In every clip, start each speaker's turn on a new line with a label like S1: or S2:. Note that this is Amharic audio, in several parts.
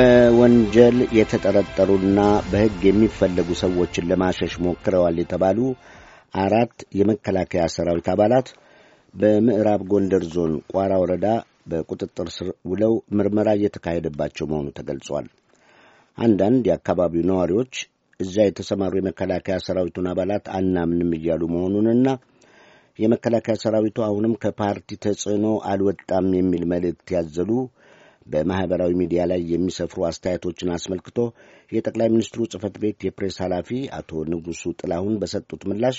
S1: በወንጀል የተጠረጠሩና በሕግ የሚፈለጉ ሰዎችን ለማሸሽ ሞክረዋል የተባሉ አራት የመከላከያ ሰራዊት አባላት በምዕራብ ጎንደር ዞን ቋራ ወረዳ በቁጥጥር ስር ውለው ምርመራ እየተካሄደባቸው መሆኑ ተገልጿል። አንዳንድ የአካባቢው ነዋሪዎች እዚያ የተሰማሩ የመከላከያ ሰራዊቱን አባላት አናምንም እያሉ መሆኑንና የመከላከያ ሰራዊቱ አሁንም ከፓርቲ ተጽዕኖ አልወጣም የሚል መልእክት ያዘሉ በማኅበራዊ ሚዲያ ላይ የሚሰፍሩ አስተያየቶችን አስመልክቶ የጠቅላይ ሚኒስትሩ ጽህፈት ቤት የፕሬስ ኃላፊ አቶ ንጉሡ ጥላሁን በሰጡት ምላሽ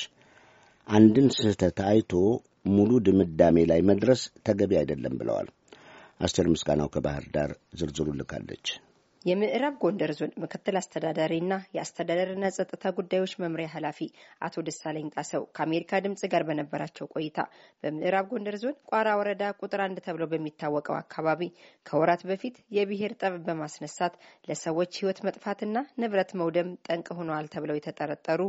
S1: አንድን ስህተት አይቶ ሙሉ ድምዳሜ ላይ መድረስ ተገቢ አይደለም ብለዋል። አስቴር ምስጋናው ከባህር ዳር ዝርዝሩ ልካለች።
S2: የምዕራብ ጎንደር ዞን ምክትል አስተዳዳሪና የአስተዳደርና ጸጥታ ጉዳዮች መምሪያ ኃላፊ አቶ ደሳለኝ ጣሰው ከአሜሪካ ድምጽ ጋር በነበራቸው ቆይታ በምዕራብ ጎንደር ዞን ቋራ ወረዳ ቁጥር አንድ ተብሎ በሚታወቀው አካባቢ ከወራት በፊት የብሔር ጠብ በማስነሳት ለሰዎች ሕይወት መጥፋትና ንብረት መውደም ጠንቅ ሆነዋል ተብለው የተጠረጠሩ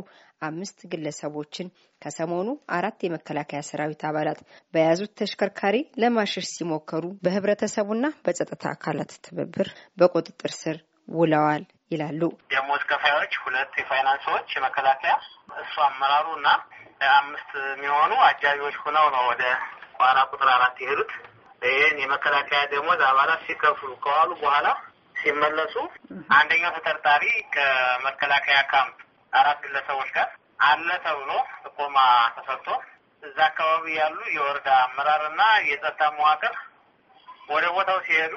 S2: አምስት ግለሰቦችን ከሰሞኑ አራት የመከላከያ ሰራዊት አባላት በያዙት ተሽከርካሪ ለማሸሽ ሲሞከሩ በህብረተሰቡና በጸጥታ አካላት ትብብር በቁጥጥር ስር ውለዋል ይላሉ።
S3: የሞት ከፋዮች ሁለት የፋይናንሶች የመከላከያ እሱ አመራሩ እና አምስት የሚሆኑ አጃቢዎች ሆነው ነው ወደ ቋራ ቁጥር አራት የሄዱት። ይህን የመከላከያ ደሞዝ አባላት ሲከፍሉ ከዋሉ በኋላ ሲመለሱ አንደኛው ተጠርጣሪ ከመከላከያ ካምፕ አራት ግለሰቦች ጋር አለ ተብሎ ጥቆማ ተሰጥቶ እዛ አካባቢ ያሉ የወረዳ አመራርና የጸጥታ መዋቅር ወደ ቦታው ሲሄዱ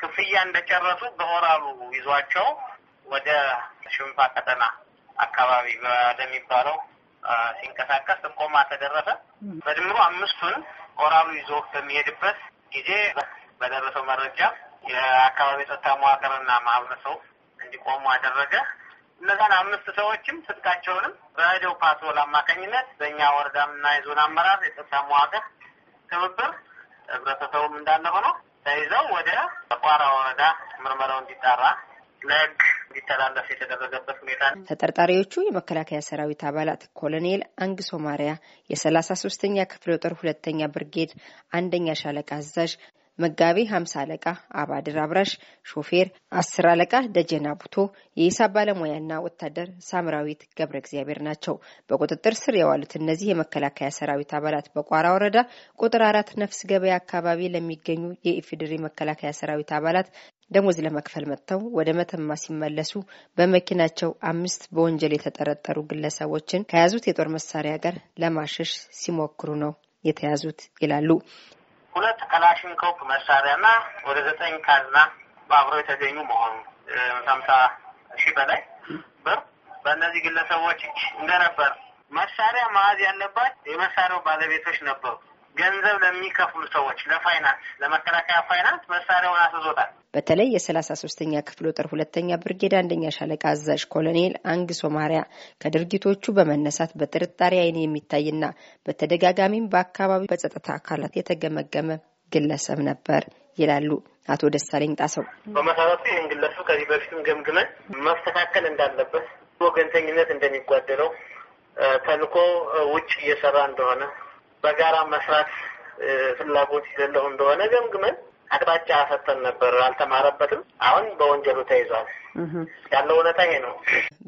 S3: ክፍያ እንደጨረሱ በኦራሉ ይዟቸው ወደ ሽንፋ ቀጠና አካባቢ ወደሚባለው ሲንቀሳቀስ ጥቆማ ተደረሰ። በድምሩ አምስቱን ኦራሉ ይዞ በሚሄድበት ጊዜ በደረሰው መረጃ የአካባቢ ጸጥታ መዋቅርና ማህበረሰቡ እንዲቆሙ አደረገ። እነዛን አምስት ሰዎችም ስጥቃቸውንም በእደው ፓትሮል አማካኝነት በእኛ ወረዳምና የዞን አመራር የጸጥታ መዋቅር ትብብር ህብረተሰቡም እንዳለ ሆኖ ተይዘው ወደ ተቋራ ወረዳ
S2: ምርመራው እንዲጣራ ለህግ እንዲተላለፍ የተደረገበት ሁኔታ ነው። ተጠርጣሪዎቹ የመከላከያ ሰራዊት አባላት ኮሎኔል አንግሶ ማሪያ የሰላሳ ሶስተኛ ክፍለ ጦር ሁለተኛ ብርጌድ አንደኛ ሻለቃ አዛዥ መጋቢ ሀምሳ አለቃ አባድር አብራሽ፣ ሾፌር አስር አለቃ ደጀና ቡቶ፣ የሂሳብ ባለሙያና ወታደር ሳምራዊት ገብረ እግዚአብሔር ናቸው። በቁጥጥር ስር የዋሉት እነዚህ የመከላከያ ሰራዊት አባላት በቋራ ወረዳ ቁጥር አራት ነፍስ ገበያ አካባቢ ለሚገኙ የኢፌዴሪ መከላከያ ሰራዊት አባላት ደሞዝ ለመክፈል መጥተው ወደ መተማ ሲመለሱ በመኪናቸው አምስት በወንጀል የተጠረጠሩ ግለሰቦችን ከያዙት የጦር መሳሪያ ጋር ለማሸሽ ሲሞክሩ ነው የተያዙት ይላሉ።
S3: ሁለት መሳሪያ መሳሪያና ወደ ዘጠኝ ካዝና በአብሮ የተገኙ መሆኑ ሀምሳ ሺህ በላይ ብር በእነዚህ ግለሰቦች እንደነበር መሳሪያ መያዝ ያለባት የመሳሪያው ባለቤቶች ነበሩ። ገንዘብ
S2: ለሚከፍሉ ሰዎች ለፋይናንስ ለመከላከያ ፋይናንስ መሳሪያውን አስዞታል። በተለይ የሰላሳ ሶስተኛ ክፍል ጦር ሁለተኛ ብርጌድ አንደኛ ሻለቃ አዛዥ ኮሎኔል አንግሶ ማሪያ ከድርጊቶቹ በመነሳት በጥርጣሬ አይን የሚታይና በተደጋጋሚም በአካባቢው በጸጥታ አካላት የተገመገመ ግለሰብ ነበር ይላሉ አቶ ደሳለኝ ጣሰው።
S3: በመሰረቱ ይህን ግለሰብ ከዚህ በፊትም ገምግመን መስተካከል እንዳለበት፣ ወገንተኝነት እንደሚጓደለው፣ ተልኮ ውጭ እየሰራ እንደሆነ በጋራ መስራት ፍላጎት የሌለው እንደሆነ ገምግመን አቅጣጫ ሰጥተን ነበር። አልተማረበትም። አሁን በወንጀሉ ተይዟል። ያለው እውነታ ይሄ ነው።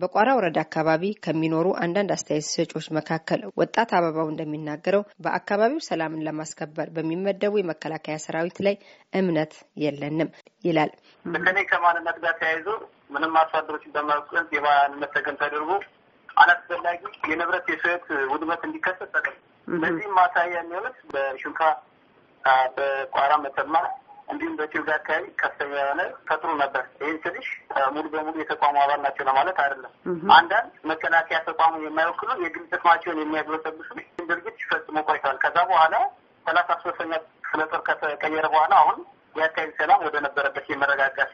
S2: በቋራ ወረዳ አካባቢ ከሚኖሩ አንዳንድ አስተያየት ሰጪዎች መካከል ወጣት አበባው እንደሚናገረው በአካባቢው ሰላምን ለማስከበር በሚመደቡ የመከላከያ ሰራዊት ላይ እምነት የለንም ይላል። በተለይ
S3: ከማንነት ጋር ተያይዞ ምንም ማሳደሮች አደሮችን በማስቀረት የማንነት ተገን ተደርጎ አላስፈላጊ የንብረት የስህተት ውድመት እንዲከሰት በዚህም ማሳያ የሚሆኑት በሹካ
S1: በቋራ መተማ እንዲሁም በኢትዮጵያ አካባቢ ከፍተኛ የሆነ ፈጥሮ ነበር። ይህን ስልሽ ሙሉ በሙሉ የተቋሙ አባል ናቸው ለማለት አይደለም። አንዳንድ መከላከያ ተቋሙ የማይወክሉ የግል ጥቅማቸውን የሚያግበሰብሱ ድርጊት ይፈጽሙ ቆይተዋል። ከዛ በኋላ ሰላሳ ሶስተኛ ክፍለ ጦር ከተቀየረ በኋላ አሁን የአካባቢ ሰላም ወደ ነበረበት የመረጋጋት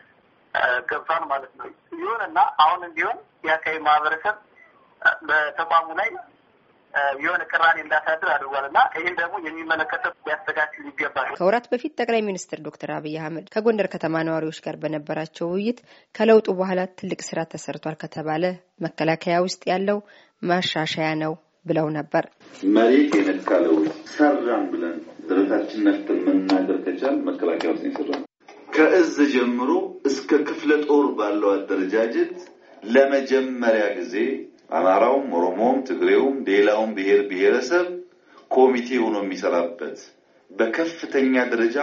S1: ገብቷል ማለት ነው። ይሁንና አሁን እንዲሁም የአካባቢ ማህበረሰብ በተቋሙ ላይ የሆነ ቅራኔ እንዳሳድር አድርጓል እና ይህን ደግሞ የሚመለከተው ሊያስተካክል
S2: ይገባል። ከወራት በፊት ጠቅላይ ሚኒስትር ዶክተር አብይ አህመድ ከጎንደር ከተማ ነዋሪዎች ጋር በነበራቸው ውይይት ከለውጡ በኋላ ትልቅ ስራ ተሰርቷል ከተባለ መከላከያ ውስጥ ያለው ማሻሻያ ነው ብለው ነበር።
S3: መሬት የነካ ለውጥ ሰራን ብለን ድረታችን ነፍተን መናገር ከቻል መከላከያ ውስጥ የሰራ ነው። ከእዝ ጀምሮ እስከ ክፍለ ጦር ባለው አደረጃጀት ለመጀመሪያ ጊዜ አማራውም፣ ኦሮሞውም፣ ትግሬውም ሌላውም ብሔር ብሔረሰብ ኮሚቴ ሆኖ የሚሰራበት በከፍተኛ ደረጃ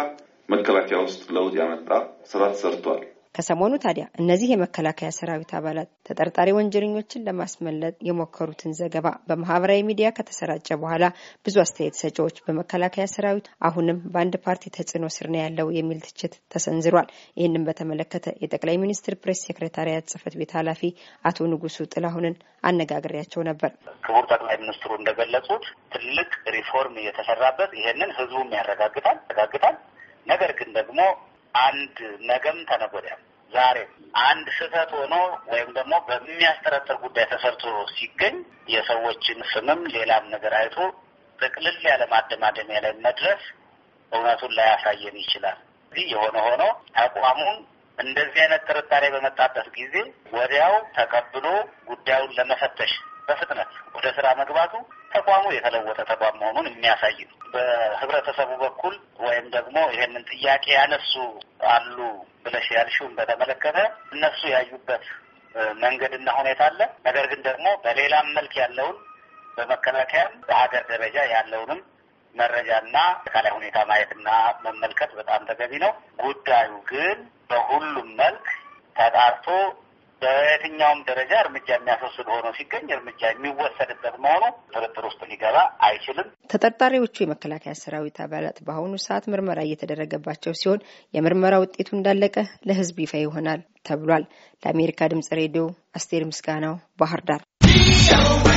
S3: መከላከያ ውስጥ ለውጥ ያመጣ ስራ ተሰርቷል።
S2: ከሰሞኑ ታዲያ እነዚህ የመከላከያ ሰራዊት አባላት ተጠርጣሪ ወንጀለኞችን ለማስመለጥ የሞከሩትን ዘገባ በማህበራዊ ሚዲያ ከተሰራጨ በኋላ ብዙ አስተያየት ሰጪዎች በመከላከያ ሰራዊት አሁንም በአንድ ፓርቲ ተጽዕኖ ስር ነው ያለው የሚል ትችት ተሰንዝሯል። ይህንም በተመለከተ የጠቅላይ ሚኒስትር ፕሬስ ሴክሬታሪያት ጽህፈት ቤት ኃላፊ አቶ ንጉሱ ጥላሁንን አነጋግሬያቸው ነበር።
S1: ክቡር ጠቅላይ ሚኒስትሩ እንደገለጹት ትልቅ ሪፎርም እየተሰራበት ይህንን ህዝቡም ያረጋግጣል ያረጋግጣል ነገር ግን ደግሞ አንድ ነገም ተነጎዳም ዛሬም አንድ ስህተት ሆኖ ወይም ደግሞ በሚያስጠረጥር ጉዳይ ተሰርቶ ሲገኝ የሰዎችን ስምም ሌላም ነገር አይቶ ጥቅልል ያለ ማደማደሚያ ላይ መድረስ እውነቱን ላያሳየን ይችላል። እዚህ የሆነ ሆኖ ተቋሙን እንደዚህ አይነት ጥርጣሬ በመጣበት ጊዜ ወዲያው ተቀብሎ ጉዳዩን ለመፈተሽ በፍጥነት ወደ ስራ መግባቱ ተቋሙ የተለወጠ ተቋም መሆኑን የሚያሳይ ነው። በህብረተሰቡ በኩል ወይም ደግሞ ይህንን ጥያቄ ያነሱ አሉ ብለሽ ያልሽውን በተመለከተ እነሱ ያዩበት መንገድና ሁኔታ አለ። ነገር ግን ደግሞ በሌላም መልክ ያለውን በመከላከያም በሀገር ደረጃ ያለውንም መረጃና አጠቃላይ ሁኔታ ማየትና መመልከት በጣም ተገቢ ነው። ጉዳዩ ግን በሁሉም መልክ ተጣርቶ በየትኛውም ደረጃ እርምጃ የሚያስወስድ ሆኖ ሲገኝ እርምጃ የሚወሰድበት መሆኑ ጥርጥር ውስጥ ሊገባ አይችልም።
S2: ተጠርጣሪዎቹ የመከላከያ ሰራዊት አባላት በአሁኑ ሰዓት ምርመራ እየተደረገባቸው ሲሆን የምርመራ ውጤቱ እንዳለቀ ለሕዝብ ይፋ ይሆናል ተብሏል። ለአሜሪካ ድምጽ ሬዲዮ አስቴር ምስጋናው ባህር ዳር